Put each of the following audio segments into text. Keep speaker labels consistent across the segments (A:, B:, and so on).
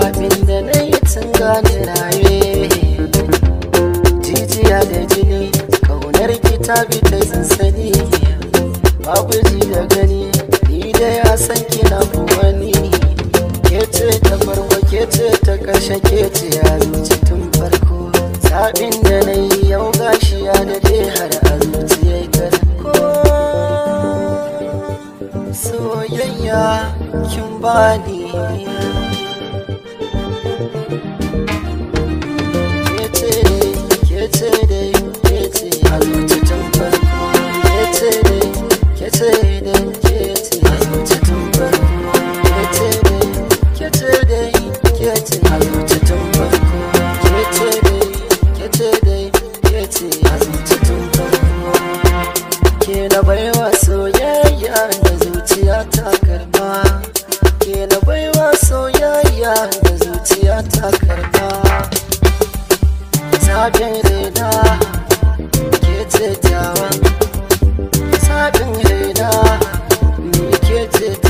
A: abin na yi tun gane raye jijiya da jini kaunar kita bi ta sansani ba guji da gani ni da ya san kina buwani ke ce ta farko ke ce ta ƙarshe ke ce ya zuci tun farko sabin da na yi yau gashi ya dade har a zuciyar garko soyayya kin bani shaida ke ce ke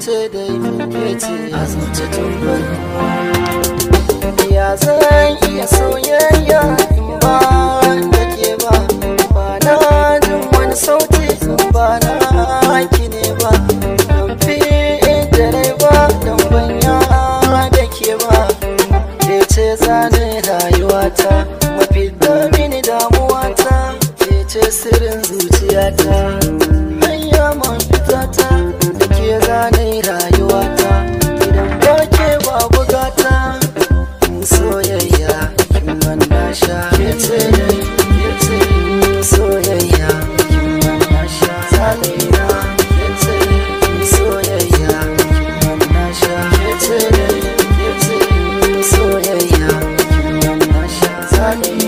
A: ce da ke ce a zuci ya zan iya soyayya in ba da ke ba ba na jin wani sauti ba na haki ne ba don fi dare ba don banya da ke ba ke ce zane rayuwata mafi damini damuwata ke ce sirrin zuciyata ne rayuwata idan ba bugata soyayya kin na sha soyayya na sha soyayya kin na sha na sha